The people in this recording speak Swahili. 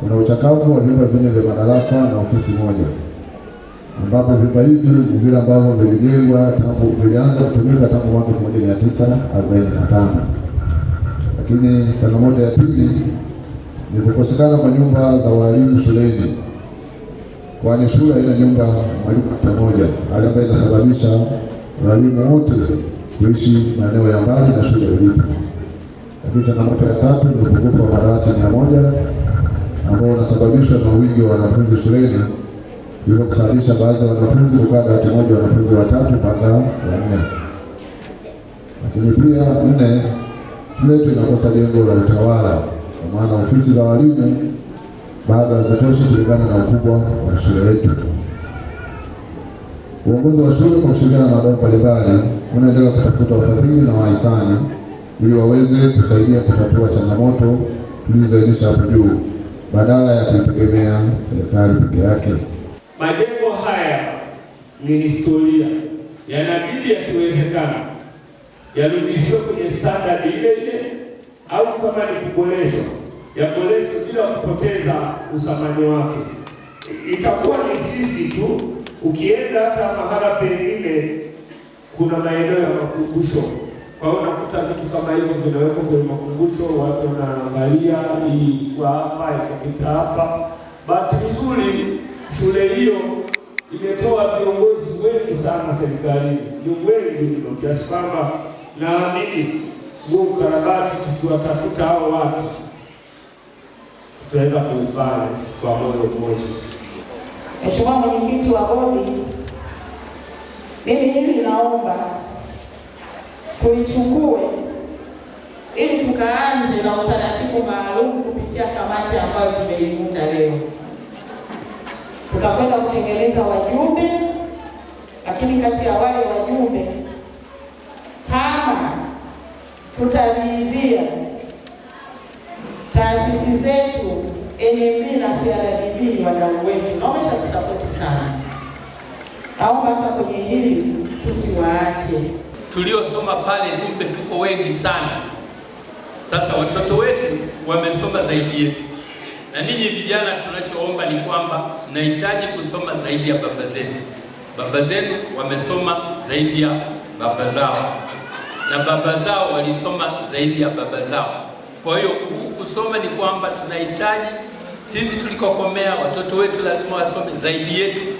kuna uchakavu wa vyumba vinne vya madarasa na ofisi moja, ambapo vyumba hivi ni vile ambavyo vilijengwa tangu vilianza kutumika tangu mwaka tano. Lakini changamoto ya pili ni kukosekana kwa nyumba za walimu shuleni, kwani shule haina nyumba mwalimu hata moja, hali ambayo inasababisha walimu wote kuishi maeneo ya mbali na shule ilipo. Lakini changamoto ya tatu ni upungufu wa madawati mia moja ambao unasababishwa na wingi wa wanafunzi shuleni, hivyo kusababisha baadhi ya wanafunzi kukaa dawati moja wanafunzi watatu mpaka wanne. Lakini pia nne, shule yetu inakosa jengo la utawala, kwa maana ofisi za walimu baada hazitoshi kulingana na ukubwa wa shule yetu. Uongozi wa shule kwa kushirikiana na wadau mbalimbali unaendelea kutafuta wafadhili na wahisani ili waweze kusaidia kutatua changamoto tulizoainisha hapo juu badala ya kutegemea serikali peke yake. Majengo haya ni historia, yanabidi yakiwezekana yarudishiwe kwenye standard ile ile, au kama ni kuboreshwa, yaboreshwe bila kupoteza usamani wake. Itakuwa ni sisi tu, ukienda hata mahala pengine kuna maeneo ya makumbusho kwa hiyo unakuta vitu kama hivyo vinawekwa kwenye makumbusho, watu wanaangalia hii kwa hapa ikapita hapa. Bahati nzuri shule hiyo imetoa viongozi wengi sana serikalini, ni wengi ndio kiasi kwamba naamini huo ukarabati tukiwatafuta hao watu tutaweza kuufanya kwa moyo mmoja. Mheshimiwa Mwenyekiti wa Bodi, mimi hili naomba kuichukue ili tukaanze na utaratibu maalum kupitia kamati ambayo tumeiunda leo. Tutakwenda kutengeneza wajumbe, lakini kati ya wale wajumbe kama tutajiizia taasisi zetu NMB na CRDB, wadau wetu na wameshatusapoti sana, naomba hata kwenye hili tusiwaache tuliosoma pale kumbe tuko wengi sana. Sasa watoto wetu wamesoma zaidi yetu, na ninyi vijana, tunachoomba ni kwamba tunahitaji kusoma zaidi ya baba zenu. Baba zenu wamesoma zaidi ya baba zao, na baba zao walisoma zaidi ya baba zao. Kwa hiyo kusoma ni kwamba tunahitaji sisi tulikokomea, watoto wetu lazima wasome zaidi yetu.